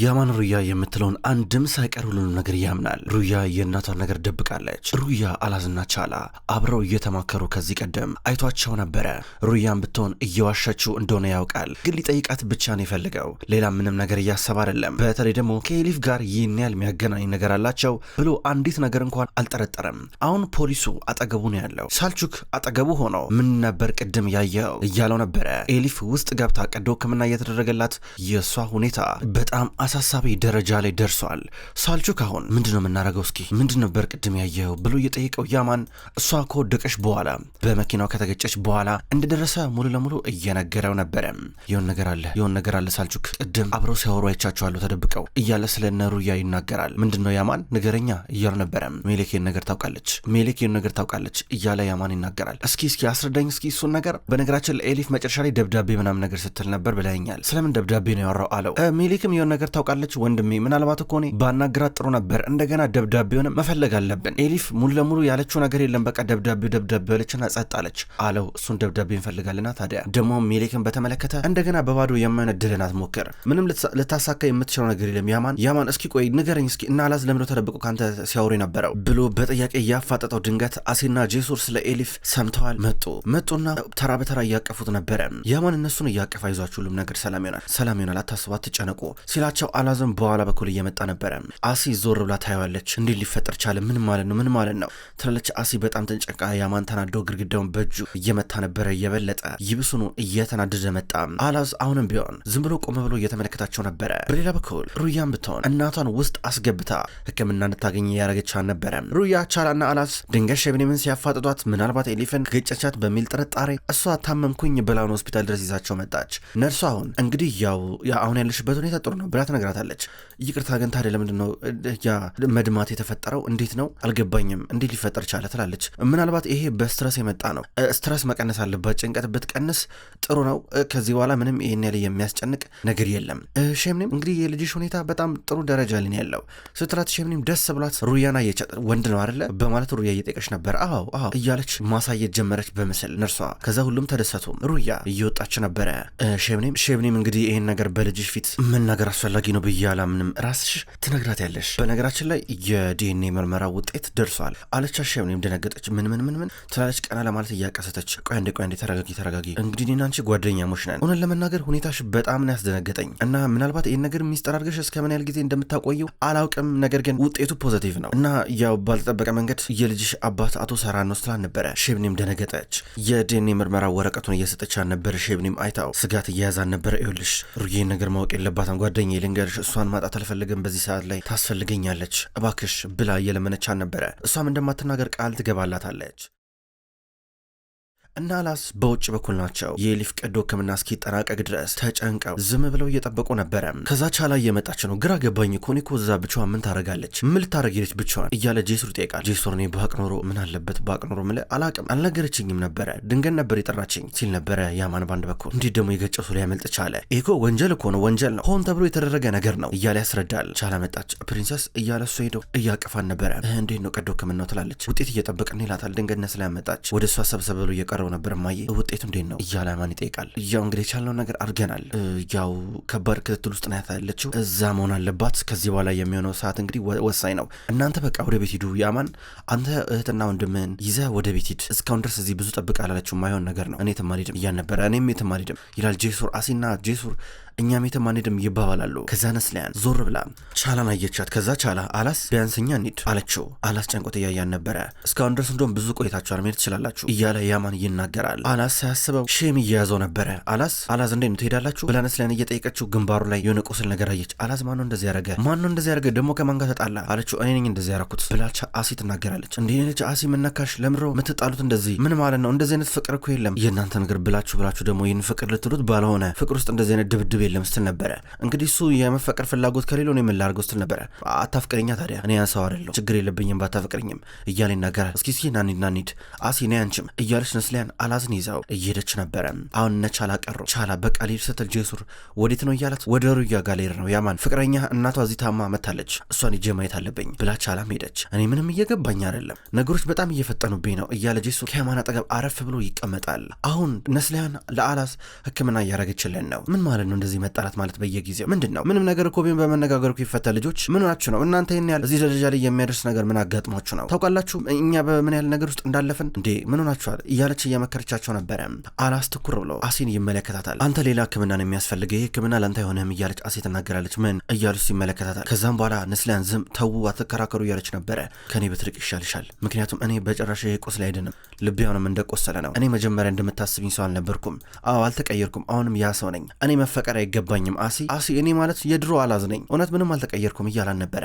ያማን ሩያ የምትለውን አንድም ሳይቀር ሁሉንም ነገር ያምናል። ሩያ የእናቷን ነገር ደብቃለች። ሩያ አላዝና ቻላ አብረው እየተማከሩ ከዚህ ቀደም አይቷቸው ነበረ። ሩያን ብትሆን እየዋሸችው እንደሆነ ያውቃል፣ ግን ሊጠይቃት ብቻ ነው የፈለገው። ሌላ ምንም ነገር እያሰብ አይደለም። በተለይ ደግሞ ከኤሊፍ ጋር ይህን ያህል የሚያገናኝ ነገር አላቸው ብሎ አንዲት ነገር እንኳን አልጠረጠረም። አሁን ፖሊሱ አጠገቡ ነው ያለው። ሳልቹክ አጠገቡ ሆኖ ምን ነበር ቅድም ያየው እያለው ነበረ። ኤሊፍ ውስጥ ገብታ ቀዶ ሕክምና እየተደረገላት የእሷ ሁኔታ በጣም አሳሳቢ ደረጃ ላይ ደርሰዋል። ሳልቹክ አሁን ምንድን ነው የምናደርገው? እስኪ ምንድን ነበር ቅድም ያየኸው ብሎ እየጠየቀው ያማን እሷ ከወደቀች በኋላ በመኪናው ከተገጨች በኋላ እንደደረሰ ሙሉ ለሙሉ እየነገረው ነበረ። የሆነ ነገር አለ፣ የሆነ ነገር አለ ሳልቹክ፣ ቅድም አብረው ሲያወሩ አይቻቸዋለሁ ተደብቀው እያለ ስለ ነሩያ ይናገራል። ምንድን ነው ያማን ንገረኛ እያሉ ነበረ። ሜሌኬን ነገር ታውቃለች፣ ሜሌኬን ነገር ታውቃለች እያለ ያማን ይናገራል። እስኪ እስኪ አስረዳኝ እስኪ እሱን ነገር። በነገራችን ለኤሊፍ መጨረሻ ላይ ደብዳቤ ምናምን ነገር ስትል ነበር ብለኛል። ስለምን ደብዳቤ ነው ያወራው አለው። ሜሌክም የሆነ ነገር ነገር ታውቃለች ወንድሜ፣ ምናልባት እኮ እኔ ባናግራት ጥሩ ነበር። እንደገና ደብዳቤውን መፈለግ አለብን። ኤሊፍ ሙሉ ለሙሉ ያለችው ነገር የለም። በቃ ደብዳቤው ደብዳቤ አለችና ጸጥ አለች አለው። እሱን ደብዳቤ እንፈልጋልና ታዲያ ደግሞ ሜሌክን በተመለከተ እንደገና በባዶ የማይሆን እድልን አትሞክር። ምንም ልታሳካ የምትችለው ነገር የለም። ያማን ያማን፣ እስኪ ቆይ ንገረኝ እስኪ እና አላዝ ለምዶ ተደብቆ ከአንተ ሲያወሩ የነበረው ብሎ በጥያቄ እያፋጠጠው ድንገት አሴና ጄሱር ስለ ኤሊፍ ሰምተዋል። መጡ መጡና ተራ በተራ እያቀፉት ነበረ። ያማን እነሱን እያቀፍ አይዟችሁ፣ ሁሉም ነገር ሰላም ይሆናል፣ ሰላም ይሆናል፣ አታስቡ፣ አትጨነቁ ሲላቸው እጃቸው አላዘን በኋላ በኩል እየመጣ ነበረ። አሲ ዞር ብላ ታየዋለች። እንዴት ሊፈጠር ቻለ? ምን ማለት ነው? ምን ማለት ነው ትላለች። አሲ በጣም ተንጨቃ። ያማን ተናዶ ግድግዳውን በእጁ እየመታ ነበረ። እየበለጠ ይብሱኑ እየተናደደ መጣ። አላዝ አሁንም ቢሆን ዝም ብሎ ቆመ ብሎ እየተመለከታቸው ነበረ። በሌላ በኩል ሩያን ብትሆን እናቷን ውስጥ አስገብታ ሕክምና እንድታገኝ እያደረገች ነበረ። ሩያ ቻላና አላዝ ድንገት ሸብኔምን ሲያፋጥጧት ምናልባት ኤሊፈን ገጨቻት በሚል ጥርጣሬ እሷ ታመምኩኝ ብላውን ሆስፒታል ድረስ ይዛቸው መጣች። ነርሷ አሁን እንግዲህ ያው አሁን ያለሽበት ሁኔታ ጥሩ ነው ብላ ትነግራታለች። ይቅርታ ግን ታዲያ ለምንድን ነው ያ መድማት የተፈጠረው? እንዴት ነው አልገባኝም፣ እንዴት ሊፈጠር ቻለ? ትላለች። ምናልባት ይሄ በስትረስ የመጣ ነው። ስትረስ መቀነስ አለባት። ጭንቀት ብትቀንስ ጥሩ ነው። ከዚህ በኋላ ምንም ይህን ያለ የሚያስጨንቅ ነገር የለም። ሸምኒም እንግዲህ የልጅሽ ሁኔታ በጣም ጥሩ ደረጃ ልን ያለው ስትላት፣ ሸምኒም ደስ ብሏት ሩያና እየጨጥ ወንድ ነው አይደለ በማለት ሩያ እየጠየቀች ነበር። አዎ አዎ እያለች ማሳየት ጀመረች በምስል ነርሷ። ከዛ ሁሉም ተደሰቱ። ሩያ እየወጣች ነበረ። ሸምኒም ሸምኒም እንግዲህ ይህን ነገር በልጅሽ ፊት መናገር አስፈላጊ አስፈላጊ ነው ብዬ አላምንም። ራስሽ ትነግራት ያለሽ። በነገራችን ላይ የዲኤንኤ ምርመራ ውጤት ደርሷል አለች። አሸም ነው የምደነገጠች። ምን ምን ምን ምን ትላለች፣ ቀና ለማለት እያቀሰተች። ቆይ አንዴ ቆይ አንዴ፣ ተረጋጊ ተረጋጊ። እንግዲህ እኔና አንቺ ጓደኛሞች ነን። እውነት ለመናገር ሁኔታሽ በጣም ነው ያስደነገጠኝ እና ምናልባት ይህን ነገር ሚስጥር አድርገሽ እስከ ምን ያህል ጊዜ እንደምታቆየው አላውቅም። ነገር ግን ውጤቱ ፖዘቲቭ ነው እና ያው ባልተጠበቀ መንገድ የልጅሽ አባት አቶ ሰራን ነው ስላል ነበረ። ሼብኒም ደነገጠች። የዲኤንኤ ምርመራ ወረቀቱን እየሰጠች ነበረ። ሼብኒም አይታው ስጋት እያያዛን ነበረ። ይኸውልሽ ሩጌን ነገር ማወቅ የለባትም ጓደኛ ልንገርሽ፣ እሷን ማጣት አልፈልግም፣ በዚህ ሰዓት ላይ ታስፈልገኛለች፣ እባክሽ ብላ እየለመነቻን ነበረ። እሷም እንደማትናገር ቃል ትገባላታለች። እና አላስ በውጭ በኩል ናቸው። የሊፍ ቀዶ ሕክምና እስኪጠናቀቅ ድረስ ተጨንቀው ዝም ብለው እየጠበቁ ነበረ። ከዛ ቻላ እየመጣች ነው። ግራ ገባኝ እኮ እኔ እኮ እዛ ብቻዋን ምን ታደርጋለች? ምን ልታደርግ ሄደች ብቻዋን እያለ ጄሱር ይጠይቃል። ጄሱር እኔ ባቅ ኖሮ ምን አለበት ባቅ ኖሮ ምለ አላቅም አልነገረችኝም ነበረ ድንገት ነበር የጠራችኝ ሲል ነበረ ያማን ባንድ በኩል። እንዴት ደግሞ የገጨው ሰው ሊያመልጥ ቻለ? ይሄ እኮ ወንጀል እኮ ነው ወንጀል ነው ሆን ተብሎ የተደረገ ነገር ነው እያለ ያስረዳል። ቻላ መጣች። ፕሪንሰስ እያለ እሱ ሄደው እያቀፋን ነበረ። እንዴት ነው ቀዶ ሕክምናው ትላለች። ውጤት እየጠበቅን ይላታል። ድንገት ነስላ ያመጣች ወደ እሷ ሰብሰብ ብሎ እየቀረበ እየነገረው ነበር። እማዬ ውጤቱ እንዴት ነው እያለ አማን ይጠይቃል። ያው እንግዲህ የቻልነውን ነገር አድርገናል። ያው ከባድ ክትትል ውስጥ ናያት ያለችው፣ እዛ መሆን አለባት። ከዚህ በኋላ የሚሆነው ሰዓት እንግዲህ ወሳኝ ነው። እናንተ በቃ ወደ ቤት ሂዱ። ያማን አንተ እህትና ወንድምህን ይዘህ ወደ ቤት ሂድ። እስካሁን ድረስ እዚህ ብዙ ጠብቅ አላለችው። የማይሆን ነገር ነው። እኔ የትም አልሄድም እያል ነበረ። እኔም የትም አልሄድም ይላል ጄሱር አሲና ጄሱር እኛም የትም አንሄድም ይባባላሉ። ከዛ ነስሊያን ዞር ብላ ቻላን አየቻት። ከዛ ቻላ አላስ ቢያንስ እኛ እንሂድ አለችው። አላስ ጨንቆት እያያን ነበረ። እስካሁን ድረስ እንደውም ብዙ ቆይታችኋል መሄድ ትችላላችሁ እያለ ያማን ይናገራል። አላስ ሳያስበው ሼም እየያዘው ነበረ። አላስ አላዝ እንዴት ነው ትሄዳላችሁ ብላ ነስሊያን እየጠየቀችው ግንባሩ ላይ የሆነ ቁስል ነገር አየች። አላዝ ማነው እንደዚህ ያደረገ ማነው እንደዚህ ያደረገ ደግሞ ከማን ጋር ተጣላ አለችው። እኔ ነኝ እንደዚህ ያደረኩት ብላ አሲ ትናገራለች። እንዲህ ልጅ አሲ ምነካሽ ለምረው ምትጣሉት እንደዚህ ምን ማለት ነው? እንደዚህ አይነት ፍቅር እኮ የለም የእናንተ ነገር ብላችሁ ብላችሁ ደግሞ ይህን ፍቅር ልትሉት ባለሆነ ፍቅር ውስጥ እንደዚህ አይነት ድብድብ የለም ስትል ነበረ። እንግዲህ እሱ የመፈቀር ፍላጎት ከሌለው ነው የምላርገው ስትል ነበረ። አታፍቅረኛ ታዲያ እኔ ያን ሰው አይደለሁ ችግር የለብኝም ባታፍቅረኝም እያለ ይናገራል። እስኪ እስኪ ናኒድ ናኒድ አሲ ና ያንችም እያለች ነስሊያን አላዝን ይዛው እየሄደች ነበረ። አሁን እነ ቻላ ቀሩ። ቻላ በቃ ልሂድ ስትል ጄሱር ወዴት ነው እያላት ወደ ሩያ ጋሌር ነው ያማን ፍቅረኛ እናቷ እዚህ ታማ መታለች፣ እሷን ሂጄ ማየት አለብኝ ብላ ቻላም ሄደች። እኔ ምንም እየገባኝ አይደለም ነገሮች በጣም እየፈጠኑብኝ ነው እያለ ጄሱር ከያማን አጠገብ አረፍ ብሎ ይቀመጣል። አሁን ነስሊያን ለአላዝ ህክምና እያረገችለን ነው። ምን ማለት ነው እንደዚህ እንደዚህ መጣላት ማለት በየጊዜው ምንድን ነው? ምንም ነገር እኮ ቢሆን በመነጋገር እኮ ልጆች ምን ሆናችሁ ነው እናንተ? ይህን ያህል እዚህ ደረጃ ላይ የሚያደርስ ነገር ምን አጋጥሟችሁ ነው? ታውቃላችሁ እኛ በምን ያህል ነገር ውስጥ እንዳለፍን እንዴ? ምን ሆናችኋል? እያለች እየመከረቻቸው ነበረ። አላስ ትኩር ብሎ አሴን ይመለከታታል። አንተ ሌላ ህክምና ነው የሚያስፈልግ ይሄ ሕክምና ለአንተ አይሆንህም እያለች አሴ ትናገራለች። ምን እያሉስ ይመለከታታል። ከዛም በኋላ ንስሊያን ዝም ተዉ፣ አትከራከሩ እያለች ነበረ። ከእኔ በትርቅ ይሻልሻል፣ ምክንያቱም እኔ በጭራሽ ይሄ ቁስል አይድንም፣ ልቤ አሁንም እንደቆሰለ ነው። እኔ መጀመሪያ እንደምታስብኝ ሰው አልነበርኩም። አዎ አልተቀየርኩም፣ አሁንም ያ ሰው ነኝ። እኔ መፈቀሪያ አይገባኝም አሲ አሲ እኔ ማለት የድሮ አላዝ ነኝ እውነት ምንም አልተቀየርኩም እያላን ነበረ።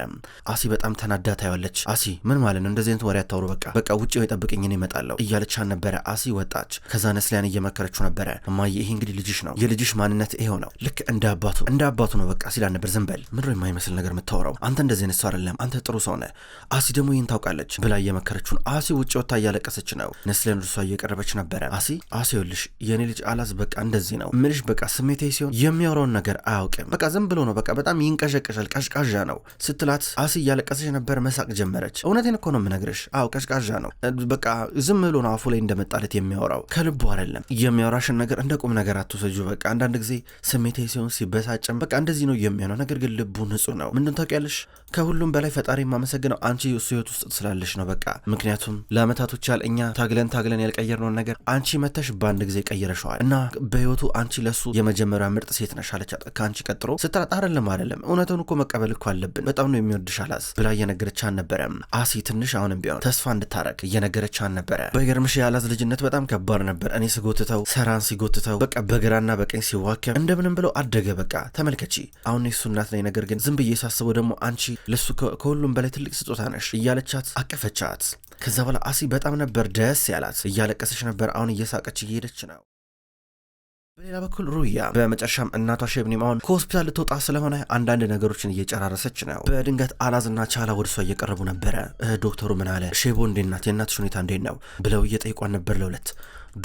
አሲ በጣም ተናዳ ታያለች። አሲ ምን ማለት ነው እንደዚህ አይነት ወሬ አታውሩ፣ በቃ በቃ ውጭ ጠብቅኝ፣ እኔ እመጣለሁ እያለቻን ነበረ። አሲ ወጣች። ከዛ ነስሊያን እየመከረችው ነበረ። እማዬ ይሄ እንግዲህ ልጅሽ ነው የልጅሽ ማንነት ይሄው ነው ልክ እንደ አባቱ እንደ አባቱ ነው በቃ ሲላን ነበር። ዝንበል ምድሮ የማይመስል ነገር የምታወራው አንተ እንደዚህ አይነት ሰው አይደለም አንተ ጥሩ ሰው ነህ። አሲ ደግሞ ይህን ታውቃለች ብላ እየመከረችውን አሲ ውጭ ወታ እያለቀሰች ነው። ነስሊያን እርሷ እየቀረበች ነበረ። አሲ አሲ ይኸውልሽ የእኔ ልጅ አላዝ በቃ እንደዚህ ነው ምልሽ በቃ ስሜቴ ሲሆን የሚያ የሚያወራውን ነገር አያውቅም። በቃ ዝም ብሎ ነው። በቃ በጣም ይንቀሸቀሻል፣ ቀዥቃዣ ነው ስትላት አሲ እያለቀሰች ነበር፣ መሳቅ ጀመረች። እውነቴን እኮ ነው የምነግርሽ። አዎ ቀዥቃዣ ነው። በቃ ዝም ብሎ ነው አፉ ላይ እንደመጣለት የሚያወራው፣ ከልቡ አይደለም የሚያወራሽን ነገር እንደ ቁም ነገር አትውሰጁ። በቃ አንዳንድ ጊዜ ስሜቴ ሲሆን ሲበሳጭም በቃ እንደዚህ ነው የሚሆነው። ነገር ግን ልቡ ንጹህ ነው። ምንድን ታውቂያለሽ ከሁሉም በላይ ፈጣሪ የማመሰግነው አንቺ እሱ ህይወት ውስጥ ስላለሽ ነው። በቃ ምክንያቱም ለአመታቶች ያህል እኛ ታግለን ታግለን ያልቀየርነውን ነገር አንቺ መተሽ በአንድ ጊዜ ቀይረሸዋል እና በህይወቱ አንቺ ለሱ የመጀመሪያ ምርጥ ሴት ነሽ አለቻት። ከአንቺ ቀጥሮ ስትላት አይደለም አይደለም እውነቱን እኮ መቀበል እኮ አለብን በጣም ነው የሚወድሽ አላስ ብላ እየነገረች አልነበረም። አሲ ትንሽ አሁንም ቢሆን ተስፋ እንድታረግ እየነገረች አልነበረ። በገርምሽ የአላዝ ልጅነት በጣም ከባድ ነበር። እኔ ስጎትተው ሰራን ሲጎትተው በቃ በግራና በቀኝ ሲዋከብ እንደምንም ብለው አደገ። በቃ ተመልከቺ አሁን የሱ እናት ነኝ። ነገር ግን ዝም ብዬ ሳስበው ደግሞ አንቺ ለሱ ከሁሉም በላይ ትልቅ ስጦታ ነሽ እያለቻት አቀፈቻት። ከዛ በኋላ አሲ በጣም ነበር ደስ ያላት። እያለቀሰች ነበር፣ አሁን እየሳቀች እየሄደች ነው። በሌላ በኩል ሩያ በመጨረሻም እናቷ ሸብኒም አሁን ከሆስፒታል ልትወጣ ስለሆነ አንዳንድ ነገሮችን እየጨራረሰች ነው። በድንገት አላዝና ቻላ ወደ እሷ እየቀረቡ ነበረ። ዶክተሩ ምን አለ? ሼቦ እንዴት ናት? የእናትሽ ሁኔታ እንዴት ነው? ብለው እየጠይቋን ነበር ለሁለት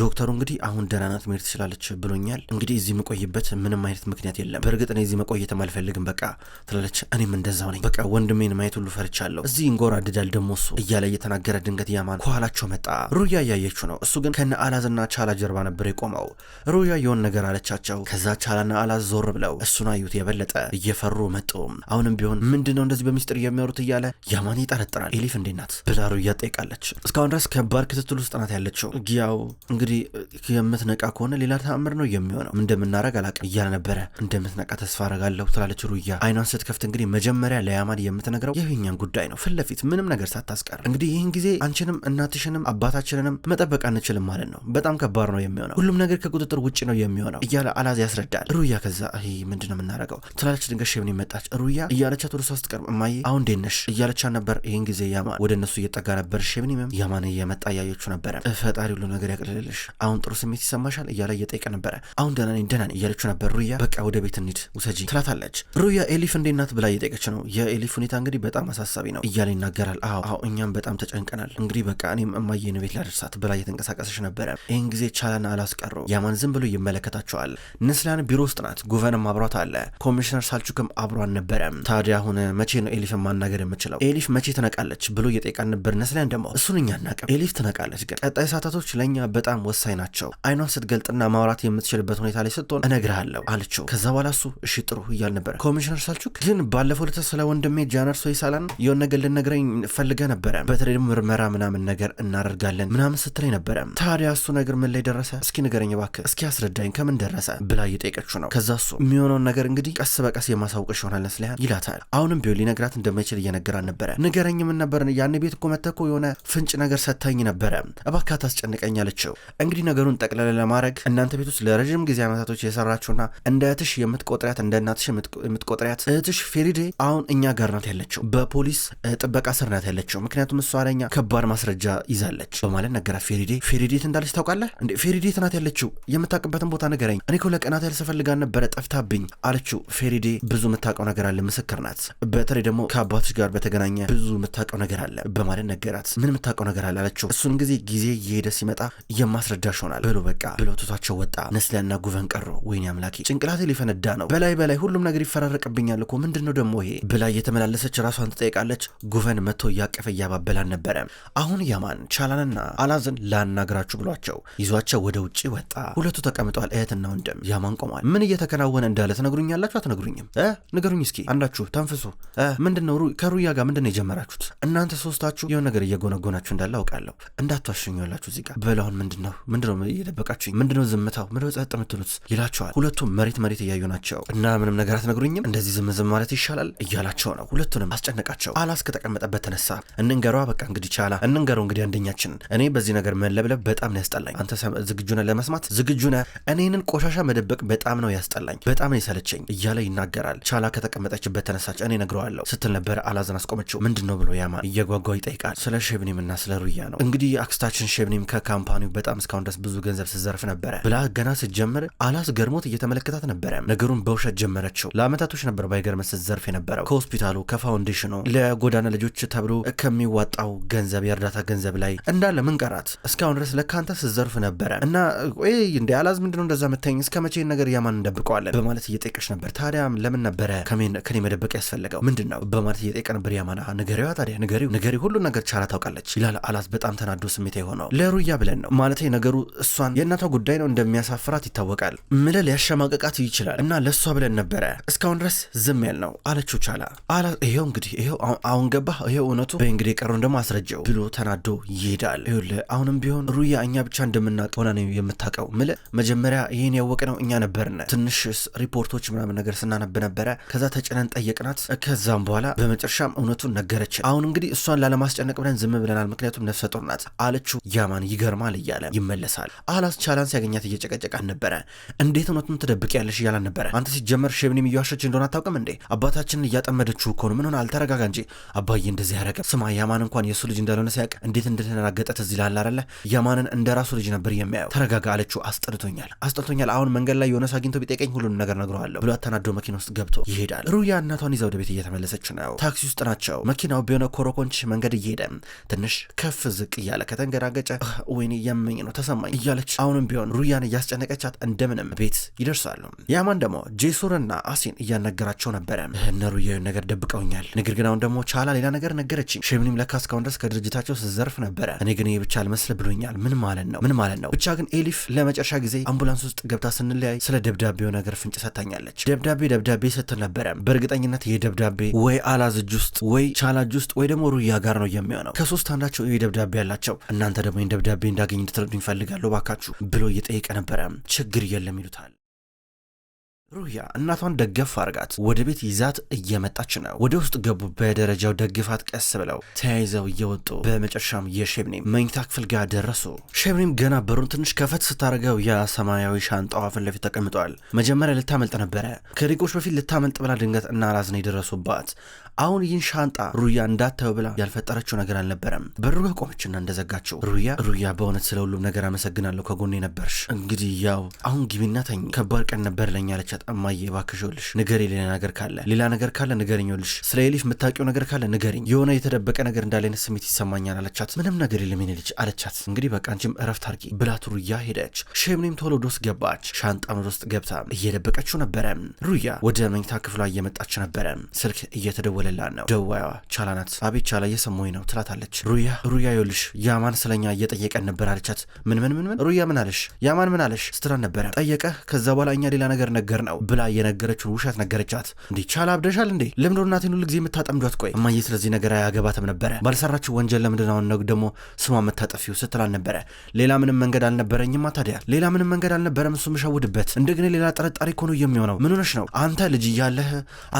ዶክተሩ እንግዲህ አሁን ደህና ናት መሄድ ትችላለች ብሎኛል። እንግዲህ እዚህ የምቆይበት ምንም አይነት ምክንያት የለም። በእርግጥ እኔ እዚህ መቆየትም አልፈልግም በቃ ትላለች። እኔም እንደዛው ነኝ። በቃ ወንድሜን ማየት ሁሉ ፈርቻለሁ። እዚህ እንጎራድዳል ደግሞ እሱ እያለ እየተናገረ ድንገት ያማን ከኋላቸው መጣ። ሩያ እያየችው ነው። እሱ ግን ከነ አላዝና ቻላ ጀርባ ነበር የቆመው። ሩያ የሆን ነገር አለቻቸው። ከዛ ቻላና አላዝ ዞር ብለው እሱን አዩት። የበለጠ እየፈሩ መጡ። አሁንም ቢሆን ምንድን ነው እንደዚህ በሚስጥር የሚያወሩት እያለ ያማን ይጠረጥራል። ኤሊፍ እንዴት ናት ብላ ሩያ ጠይቃለች። እስካሁን ድረስ ከባድ ክትትል ውስጥ ናት ያለችው ያው እንግዲህ የምትነቃ ከሆነ ሌላ ተአምር ነው የሚሆነው። እንደምናረግ አላቅ እያለ ነበረ። እንደምትነቃ ተስፋ አረጋለሁ ትላለች ሩያ። አይኗን ስትከፍት እንግዲህ መጀመሪያ ለያማን የምትነግረው የኛን ጉዳይ ነው ፊት ምንም ነገር ሳታስቀር። እንግዲህ ይህን ጊዜ አንቺንም እናትሽንም አባታችንንም መጠበቅ አንችልም ማለት ነው። በጣም ከባድ ነው የሚሆነው። ሁሉም ነገር ከቁጥጥር ውጭ ነው የሚሆነው እያለ አላዝ ያስረዳል። ሩያ ከዛ ይሄ ምንድን ነው የምናረገው ትላለች። ድንገት ሸብኒ መጣች። ሩያ እያለቻት ወደ እሷ ስትቀርብ እማዬ አሁን እንዴት ነሽ እያለቻት ነበር። ይህን ጊዜ ያማን ወደ እነሱ እየጠጋ ነበር። ሸብኒምም ያማን እየመጣ እያየችው ነበረ። ፈጣሪ ሁሉ ነገር ያቅልልል ይኸውልሽ አሁን ጥሩ ስሜት ይሰማሻል እያለ እየጠየቀ ነበረ። አሁን ደህና ነኝ ደህና ነኝ እያለችው ነበር። ሩያ በቃ ወደ ቤት እንሂድ ውሰጂ ትላታለች። ሩያ ኤሊፍ እንዴት ናት ብላ እየጠየቀች ነው። የኤሊፍ ሁኔታ እንግዲህ በጣም አሳሳቢ ነው እያለ ይናገራል። አዎ አዎ እኛም በጣም ተጨንቀናል። እንግዲህ በቃ እኔም እማዬን ቤት ላደርሳት ብላ እየተንቀሳቀሰች ነበረ። ይህን ጊዜ ቻላና አላስቀሩ ያማን ዝም ብሎ ይመለከታቸዋል። ንስላን ቢሮ ውስጥ ናት። ጉቨንም አብሯት አለ። ኮሚሽነር ሳልቹክም አብሮ አልነበረም። ታዲያ አሁን መቼ ነው ኤሊፍን ማናገር የምችለው? ኤሊፍ መቼ ትነቃለች ብሎ እየጠየቃን ነበር። ንስላን ደግሞ እሱን እኛ አናውቅም። ኤሊፍ ትነቃለች ግን ቀጣይ ሰዓታቶች ለእኛ በጣም በጣም ወሳኝ ናቸው። አይኗን ስትገልጥና ማውራት የምትችልበት ሁኔታ ላይ ስትሆን እነግርሃለሁ አለችው። ከዛ በኋላ እሱ እሺ ጥሩ እያል ነበረ። ኮሚሽነር ሳልቹክ ግን ባለፈው ልተ ስለ ወንድሜ ጃነር ሶይሳላን የሆነ ነገር ልነግረኝ ፈልገ ነበረ። በተለይ ደግሞ ምርመራ ምናምን ነገር እናደርጋለን ምናምን ስትለኝ ነበረ። ታዲያ እሱ ነገር ምን ላይ ደረሰ? እስኪ ንገረኝ እባክህ፣ እስኪ አስረዳኝ ከምን ደረሰ ብላ እየጠየቀችው ነው። ከዛ እሱ የሚሆነውን ነገር እንግዲህ ቀስ በቀስ የማሳውቅሽ ይሆናል ስለያል ይላታል። አሁንም ቢሆን ሊነግራት እንደማይችል እየነገራን ነበረ። ንገረኝ ምን ነበር? ያን ቤት እኮ መተኮ የሆነ ፍንጭ ነገር ሰታኝ ነበረ፣ እባክህ አታስጨንቀኝ አለችው። እንግዲህ ነገሩን ጠቅለለ ለማድረግ እናንተ ቤት ውስጥ ለረዥም ጊዜ ዓመታቶች የሰራችሁና እንደ እህትሽ የምትቆጥሪያት እንደ እናትሽ የምትቆጥሪያት እህትሽ ፌሪዴ አሁን እኛ ጋር ናት ያለችው፣ በፖሊስ ጥበቃ ስር ናት ያለችው። ምክንያቱም እሷ ለኛ ከባድ ማስረጃ ይዛለች በማለት ነገራት። ፌሪዴ ፌሪዴት እንዳለች ታውቃለህ እንዴ? ፌሪዴት ናት ያለችው፣ የምታውቅበትን ቦታ ንገረኝ። እኔ እኮ ለቀናት ያልሰፈልጋን ነበረ ጠፍታብኝ አለችው። ፌሪዴ ብዙ የምታውቀው ነገር አለ፣ ምስክር ናት። በተለይ ደግሞ ከአባትሽ ጋር በተገናኘ ብዙ የምታውቀው ነገር አለ በማለት ነገራት። ምን የምታውቀው ነገር አለ አለችው። እሱን ጊዜ ጊዜ እየሄደ ሲመጣ የማ ማስረዳሽ ሆናል ብሎ በቃ ብሎ ትቷቸው ወጣ። ነስሊያና ጉቨን ቀሩ። ወይኔ አምላኬ ጭንቅላቴ ሊፈነዳ ነው፣ በላይ በላይ ሁሉም ነገር ይፈራረቅብኛል እኮ ምንድን ነው ደግሞ ይሄ ብላ እየተመላለሰች ራሷን ትጠይቃለች። ጉቨን መጥቶ እያቀፈ እያባበላን ነበረ። አሁን ያማን ቻላንና አላዝን ላናግራችሁ ብሏቸው ይዟቸው ወደ ውጭ ወጣ። ሁለቱ ተቀምጠዋል፣ እህትና ወንድም። ያማን ቆሟል። ምን እየተከናወነ እንዳለ ትነግሩኛላችሁ አትነግሩኝም? ንገሩኝ እስኪ አንዳችሁ ተንፍሱ። ምንድን ነው ከሩያ ጋር ምንድን ነው የጀመራችሁት እናንተ ሶስታችሁ? የሆነ ነገር እየጎነጎናችሁ እንዳለ አውቃለሁ፣ እዚህ ጋር በላሁን ምንድን ምንድን ነው ምንድን ነው እየደበቃችሁኝ? ምንድን ነው ዝምታው? ምንድን ነው ጸጥ የምትሉት? ይላቸዋል። ሁለቱም መሬት መሬት እያዩ ናቸው። እና ምንም ነገር አትነግሩኝም? እንደዚህ ዝም ዝም ማለት ይሻላል እያላቸው ነው። ሁለቱንም አስጨነቃቸው። አላስ ከተቀመጠበት ተነሳ። እንንገሯ በቃ እንግዲህ ቻላ እንንገረው እንግዲህ አንደኛችን። እኔ በዚህ ነገር መለብለብ በጣም ነው ያስጠላኝ። አንተ ዝግጁ ነህ ለመስማት? ዝግጁ ነህ? እኔንን ቆሻሻ መደበቅ በጣም ነው ያስጠላኝ፣ በጣም ነው የሰለቸኝ እያለ ይናገራል። ቻላ ከተቀመጠችበት ተነሳች። እኔ ነግረዋለሁ ስትል ነበረ። አላዝን አስቆመችው። ምንድን ነው ብሎ ያማ እየጓጓ ይጠይቃል። ስለ ሼብኒም እና ስለ ሩያ ነው እንግዲህ አክስታችን ሼብኒም ከካምፓኒው በጣም በጣም እስካሁን ድረስ ብዙ ገንዘብ ስዘርፍ ነበረ ብላ ገና ስትጀምር አላስ ገርሞት እየተመለከታት ነበረ። ነገሩን በውሸት ጀመረችው። ለአመታቶች ነበር ባይገርም ስትዘርፍ የነበረው ከሆስፒታሉ፣ ከፋውንዴሽኑ ለጎዳና ልጆች ተብሎ ከሚዋጣው ገንዘብ የእርዳታ ገንዘብ ላይ እንዳለ ምን ቀራት? እስካሁን ድረስ ለካንተ ስዘርፍ ነበረ እና ቆይ እንደ አላዝ ምንድነው እንደዛ ምታኝ? እስከ መቼን ነገር ያማን እንደብቀዋለን በማለት እየጠየቀች ነበር። ታዲያም ለምን ነበረ ከኔ መደበቅ ያስፈለገው ምንድን ነው በማለት እየጠየቀ ነበር። ያማና ነገሪዋ ታዲያ ነገሪው ነገሪ ሁሉ ነገር ቻላ ታውቃለች ይላል አላዝ በጣም ተናዶ ስሜታ የሆነው ለሩያ ብለን ነው ማለት ማለቴ ነገሩ እሷን የእናቷ ጉዳይ ነው እንደሚያሳፍራት ይታወቃል። ምለ ሊያሸማቀቃት ይችላል እና ለእሷ ብለን ነበረ እስካሁን ድረስ ዝም ያል ነው አለችው። ቻላ አላ ይሄው እንግዲህ ይሄው አሁን ገባህ ይሄው እውነቱ በይ እንግዲህ የቀረውን ደግሞ አስረጀው ብሎ ተናዶ ይሄዳል። ይሁል አሁንም ቢሆን ሩያ እኛ ብቻ እንደምናውቅ ሆና ነው የምታውቀው። ምለ መጀመሪያ ይህን ያወቅነው እኛ ነበርን። ትንሽ ሪፖርቶች ምናምን ነገር ስናነብ ነበረ። ከዛ ተጨነን ጠየቅናት። ከዛም በኋላ በመጨረሻም እውነቱን ነገረችን። አሁን እንግዲህ እሷን ላለማስጨነቅ ብለን ዝም ብለናል፣ ምክንያቱም ነፍሰ ጡር ናት አለችው። ያማን ይገርማል እያለ ይመለሳል። አላስ ቻላን ሲያገኛት እየጨቀጨቃት ነበረ። እንዴት እውነቱን ያለሽ እያላን ነበረ። አንተ ሲጀመር ሸብኒም እየዋሸች እንደሆነ አታውቅም እንዴ? አባታችንን እያጠመደችው እኮ ነው። ምን ሆነ? አልተረጋጋ እንጂ አባዬ እንደዚህ ያረገ ስማ። ያማን እንኳን የእሱ ልጅ እንዳልሆነ ሲያውቅ እንዴት እንደተናገጠ ትዝ ይልሃል አይደለ? ያማንን እንደ ራሱ ልጅ ነበር የሚያየው። ተረጋጋ አለችው። አስጠልቶኛል፣ አስጠልቶኛል። አሁን መንገድ ላይ የሆነ አግኝቶ ቢጠይቀኝ ሁሉንም ነገር ነግረዋለሁ ብሎ አተናዶ መኪና ውስጥ ገብቶ ይሄዳል። ሩያ እናቷን ይዛ ወደ ቤት እየተመለሰች ነው። ታክሲ ውስጥ ናቸው። መኪናው ቢሆነ ኮረኮንች መንገድ እየሄደ ትንሽ ከፍ ዝቅ እያለ ከተንገዳገጨ ወይኔ ያመኝ ነው ተሰማኝ እያለች አሁንም ቢሆን ሩያን እያስጨነቀቻት እንደምንም ቤት ይደርሳሉ። ያማን ደግሞ ጄሱርና አሲን እያነገራቸው ነበረ። እነ ሩያን ነገር ደብቀውኛል፣ ነገር ግን አሁን ደግሞ ቻላ ሌላ ነገር ነገረችኝ። ሸምኒም ለካ እስካሁን ድረስ ከድርጅታቸው ስዘርፍ ነበረ። እኔ ግን ይህ ብቻ አልመስል ብሎኛል። ምን ማለት ነው? ምን ማለት ነው? ብቻ ግን ኤሊፍ ለመጨረሻ ጊዜ አምቡላንስ ውስጥ ገብታ ስንለያይ ስለ ደብዳቤው ነገር ፍንጭ ሰታኛለች። ደብዳቤ ደብዳቤ ስትል ነበረ። በእርግጠኝነት ይህ ደብዳቤ ወይ አላዝ እጅ ውስጥ ወይ ቻላ እጅ ውስጥ ወይ ደግሞ ሩያ ጋር ነው የሚሆነው። ከሶስት አንዳቸው ይህ ደብዳቤ ያላቸው እናንተ ደግሞ ይህን ደብዳቤ እንዳገኝ እንድትረዱ ይፈልጋለሁ ባካችሁ ብሎ እየጠየቀ ነበረ። ችግር የለም ይሉታል። ሩህያ እናቷን ደገፍ አርጋት ወደ ቤት ይዛት እየመጣች ነው። ወደ ውስጥ ገቡ። በደረጃው ደግፋት ቀስ ብለው ተያይዘው እየወጡ በመጨረሻም የሼብኒም መኝታ ክፍል ጋር ደረሱ። ሼብኒም ገና በሩን ትንሽ ከፈት ስታደርገው ያ ሰማያዊ ሻንጣዋ ፊት ለፊት ተቀምጧል። መጀመሪያ ልታመልጥ ነበረ፣ ከሪቆች በፊት ልታመልጥ ብላ ድንገት እና ላዝነ የደረሱባት። አሁን ይህን ሻንጣ ሩህያ እንዳታዩ ብላ ያልፈጠረችው ነገር አልነበረም። በሩ ጋር ቆመችና እንደዘጋችው ሩህያ ሩህያ፣ በእውነት ስለ ሁሉም ነገር አመሰግናለሁ፣ ከጎኔ ነበርሽ። እንግዲህ ያው አሁን ግቢና ተኝ፣ ከባድ ቀን ነበር ለኛ አለቻት። እማዬ እባክሽ ይኸውልሽ ንገሪ፣ ሌላ ነገር ካለ ሌላ ነገር ካለ ንገሪኝ፣ ይኸውልሽ ስለ ኤሊፍ የምታውቂው ነገር ካለ ንገሪኝ፣ የሆነ የተደበቀ ነገር እንዳለ አይነት ስሜት ይሰማኛል አለቻት። ምንም ነገር የለም የኔ ልጅ አለቻት። እንግዲህ በቃ አንቺም እረፍት አርጊ ብላ ሩያ ሄደች። ሼምኒም ቶሎ ወደ ውስጥ ገባች። ሻንጣን ወደ ውስጥ ገብታ እየደበቀችው ነበረ። ሩያ ወደ መኝታ ክፍሏ እየመጣች ነበረ። ስልክ እየተደወለላት ነው። ደዋይዋ ቻላናት። አቤት ቻላ፣ እየሰማሁኝ ነው ትላታለች። ሩያ ሩያ ይኸውልሽ ያማን ስለኛ እየጠየቀን ነበር አለቻት። ምን ምን ምን ምን ሩያ ምን አለሽ? ያማን ምን አለሽ? ስትላን ነበረ ጠየቀ። ከዛ በኋላ እኛ ሌላ ነገር ነገር ነው ብላ የነገረችውን ውሸት ነገረቻት። እንዲህ ቻላ አብደሻል እንዴ? ለምዶ እናቴን ሁሉ ጊዜ የምታጠምዷት? ቆይ እማዬ ስለዚህ ነገር አያገባትም ነበረ። ባልሰራችው ወንጀል ለምንድናውን ነግ ደግሞ ስሟ የምታጠፊው ስትላል ነበረ። ሌላ ምንም መንገድ አልነበረኝማ። ታዲያ ሌላ ምንም መንገድ አልነበረም። እሱ ምሸውድበት እንደግን ሌላ ጠረጣሪ እኮ ነው የሚሆነው። ምን ሆነሽ ነው አንተ ልጅ እያለህ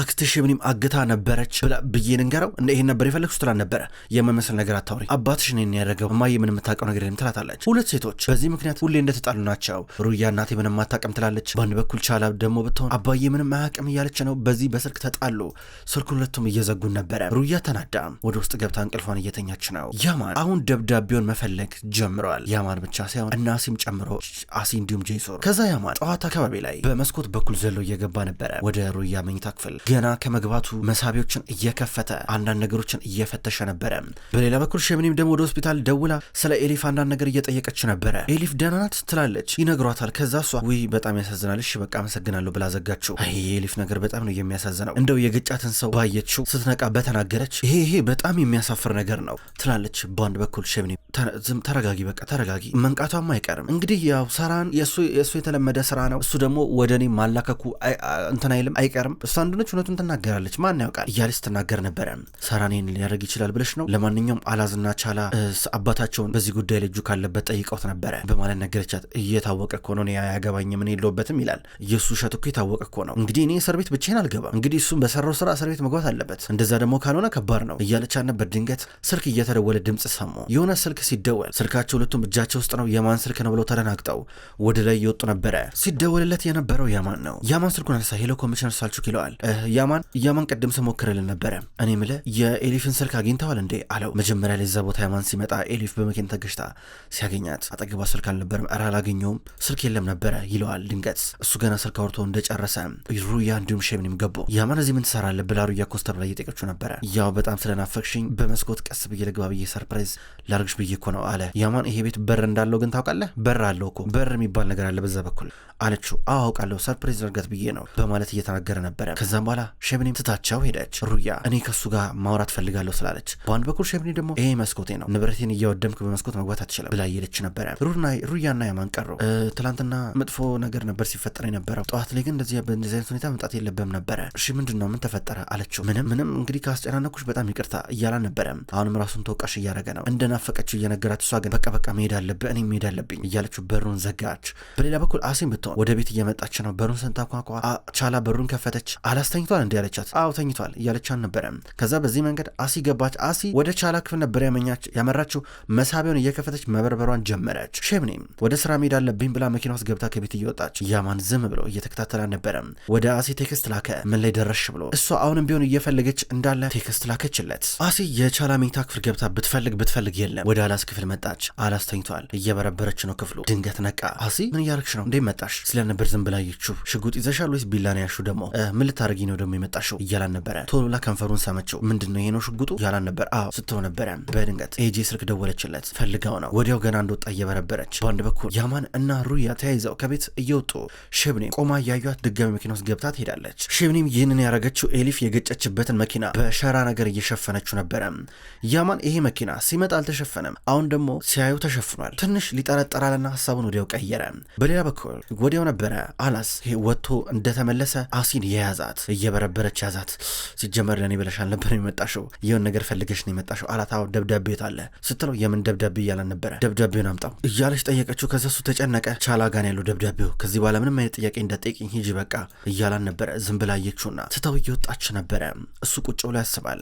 አክትሽ ምኒም አግታ ነበረች ብላ ብዬ ንንገረው እንደ ይሄን ነበር የፈለግ ስትላል ነበረ። የመመስል ነገር አታውሪ። አባትሽ ነ ያደረገው። እማዬ ምን የምታውቀው ነገር የለም ትላታለች። ሁለት ሴቶች በዚህ ምክንያት ሁሌ እንደተጣሉ ናቸው። ሩያ እናቴ ምንም አታውቅም ትላለች። በአንድ በኩል ቻላ ደግሞ ደግሞ ብትሆን አባዬ ምንም አያውቅም እያለች ነው። በዚህ በስልክ ተጣሉ። ስልክ ሁለቱም እየዘጉን ነበረ። ሩያ ተናዳ ወደ ውስጥ ገብታ እንቅልፏን እየተኛች ነው። ያማን አሁን ደብዳቤውን መፈለግ ጀምረዋል። ያማን ብቻ ሳይሆን እና አሲም ጨምሮ አሲ እንዲሁም ጄሱር። ከዛ ያማን ጠዋት አካባቢ ላይ በመስኮት በኩል ዘሎ እየገባ ነበረ ወደ ሩያ መኝታ ክፍል። ገና ከመግባቱ መሳቢያዎችን እየከፈተ አንዳንድ ነገሮችን እየፈተሸ ነበረ። በሌላ በኩል ሸምኒም ደግሞ ወደ ሆስፒታል ደውላ ስለ ኤሊፍ አንዳንድ ነገር እየጠየቀች ነበረ። ኤሊፍ ደህና ናት ትላለች፣ ይነግሯታል። ከዛ እሷ ውይ በጣም ያሳዝናል፣ እሺ በቃ አመሰግናለሁ እገላለሁ ብላ ዘጋችው። አይ የሊፍ ነገር በጣም ነው የሚያሳዝነው። እንደው የግጫትን ሰው ባየችው ስትነቃ በተናገረች ይሄ ይሄ በጣም የሚያሳፍር ነገር ነው ትላለች። በአንድ በኩል ሸብኒ ተረጋጊ፣ በቃ ተረጋጊ። መንቃቷም አይቀርም እንግዲህ ያው ሰራን የእሱ የተለመደ ስራ ነው። እሱ ደግሞ ወደ እኔ ማላከኩ እንትን አይልም አይቀርም። እሷ አንድነች እውነቱን ትናገራለች፣ ማን ያውቃል እያለች ስትናገር ነበረ። ሰራን ይህን ሊያደርግ ይችላል ብለሽ ነው? ለማንኛውም አላዝና ቻላ አባታቸውን በዚህ ጉዳይ ልጁ ካለበት ጠይቀውት ነበረ በማለት ነገረቻት። እየታወቀ ከሆነ ያገባኝ ምን እኔ ይላል የእሱ ውሸት እኮ የታወቀ እኮ ነው። እንግዲህ እኔ እስር ቤት ብቻዬን አልገባም። እንግዲህ እሱም በሰራው ስራ እስር ቤት መግባት አለበት። እንደዛ ደግሞ ካልሆነ ከባድ ነው እያለቻ ነበር። ድንገት ስልክ እየተደወለ ድምፅ ሰሙ። የሆነ ስልክ ሲደወል ስልካቸው ሁለቱም እጃቸው ውስጥ ነው። የማን ስልክ ነው ብለው ተደናግጠው ወደ ላይ እየወጡ ነበረ። ሲደወልለት የነበረው ያማን ነው። ያማን ስልኩን አነሳ። ሄሎ ኮሚሽነር ሳልቹክ ይለዋል። ያማን ያማን ቅድም ስሞክርልን ነበረ። እኔ ምለ የኤሊፍን ስልክ አግኝተዋል እንዴ አለው። መጀመሪያ ላይ እዛ ቦታ ያማን ሲመጣ ኤሊፍ በመኪና ተገሽታ ሲያገኛት አጠገቧ ስልክ አልነበረም። ኧረ አላገኘውም ስልክ የለም ነበረ ይለዋል። ድንገት እሱ ገና ስልክ አውርቶ እንደጨረሰ ሩያ እንዲሁም ሸምኒም ገቡ። ያማን እዚህ ምን ትሰራለህ ብላ ሩያ ኮስተር ላይ እየጠየቀችው ነበረ። ያው በጣም ስለናፈቅሽኝ በመስኮት ቀስ ብዬ ልግባ ብዬ ሰርፕራይዝ ላርግሽ ብዬ እኮ ነው አለ ያማን። ይሄ ቤት በር እንዳለው ግን ታውቃለህ? በር አለው እኮ በር የሚባል ነገር አለ በዛ በኩል አለችው። አዎ አውቃለሁ፣ ሰርፕራይዝ ላርጋት ብዬ ነው በማለት እየተናገረ ነበረ። ከዛም በኋላ ሸምኒም ትታቸው ሄደች። ሩያ እኔ ከሱ ጋር ማውራት ፈልጋለሁ ስላለች፣ በአንድ በኩል ሸምኒ ደግሞ ይሄ መስኮቴ ነው ንብረቴን እያወደምክ በመስኮት መግባት አትችልም ብላ እየለች ነበረ። ሩያና ያማን ቀሩ። ትላንትና መጥፎ ነገር ነበር ሲፈጠር የነበረው ጠዋት ላይ ግን እንደዚህ በእንደዚህ አይነት ሁኔታ መምጣት የለብም ነበረ። እሺ ምንድን ነው ምን ተፈጠረ አለችው። ምንም ምንም እንግዲህ ካስጨናነኩሽ በጣም ይቅርታ እያላ ነበረም። አሁንም ራሱን ተወቃሽ እያደረገ ነው እንደናፈቀችው እየነገራት፣ እሷ ግን በቃ በቃ መሄድ አለብህ እኔ መሄድ አለብኝ እያለችው በሩን ዘጋች። በሌላ በኩል አሴም ብትሆን ወደ ቤት እየመጣች ነው። በሩን ስንታንኳኳ ቻላ በሩን ከፈተች። አላስተኝቷል እንዲ ያለቻት፣ አዎ ተኝቷል እያለች አልነበረም። ከዛ በዚህ መንገድ አሲ ገባች። አሲ ወደ ቻላ ክፍል ነበር ያመኛች ያመራችው። መሳቢያውን እየከፈተች መበርበሯን ጀመረች። ሼምኔም ወደ ስራ መሄድ አለብኝ ብላ መኪና ውስጥ ገብታ ከቤት እየወጣች እያማን ዝም ብለው እየተከታ እየተከታተለ ነበረ። ወደ አሴ ቴክስት ላከ። ምን ላይ ደረሽ ብሎ እሷ አሁንም ቢሆን እየፈለገች እንዳለ ቴክስት ላከችለት። አሴ የቻላ መኝታ ክፍል ገብታ ብትፈልግ ብትፈልግ የለም። ወደ አላስ ክፍል መጣች። አላስ ተኝቷል። እየበረበረች ነው ክፍሉ። ድንገት ነቃ። አሴ ምን እያረግሽ ነው? እንዴት መጣሽ? ስለነበር ዝም ብላ የችው ሽጉጥ ይዘሻል ወይስ ቢላ ነው ያልሽው? ደግሞ ምን ልታደርጊ ነው ደግሞ የመጣሽው? እያላን ነበረ። ቶሎ ብላ ከንፈሩን ሳመችው። ምንድን ነው ይሄ ነው ሽጉጡ እያላን ነበር። አዎ ስትለው ነበረ። በድንገት ኤጄ ስልክ ደወለችለት። ፈልጋው ነው። ወዲያው ገና እንደወጣ እየበረበረች በአንድ በኩል ያማን እና ሩያ ተያይዘው ከቤት እየወጡ ሽብኔ ቆማ እያዩት ድጋሚ መኪና ውስጥ ገብታ ትሄዳለች። ሽብኒም ይህንን ያደረገችው ኤሊፍ የገጨችበትን መኪና በሸራ ነገር እየሸፈነችው ነበረ። ያማን ይሄ መኪና ሲመጣ አልተሸፈነም፣ አሁን ደግሞ ሲያዩ ተሸፍኗል። ትንሽ ሊጠረጠራልና ሀሳቡን ወዲያው ቀየረ። በሌላ በኩል ወዲያው ነበረ አላስ ወጥቶ እንደተመለሰ አሲን የያዛት እየበረበረች ያዛት። ሲጀመር ለእኔ ብለሽ አልነበር የመጣሽው፣ ይህን ነገር ፈልገሽ ነው የመጣሽው አላት። አዎ ደብዳቤ ታለ ስትለው የምን ደብዳቤ እያለን ነበረ። ደብዳቤውን አምጣው እያለች ጠየቀችው። ከዛ ተጨነቀ። ቻላ ጋን ያለው ደብዳቤው ከዚህ በኋላ ምንም አይነት ጥያቄ እንዳትጠይቂ ልቀቂኝ ሂጂ በቃ እያላን ነበረ። ዝም ብላ አየችውና ትታው እየወጣች ነበረ። እሱ ቁጭ ብሎ ያስባል።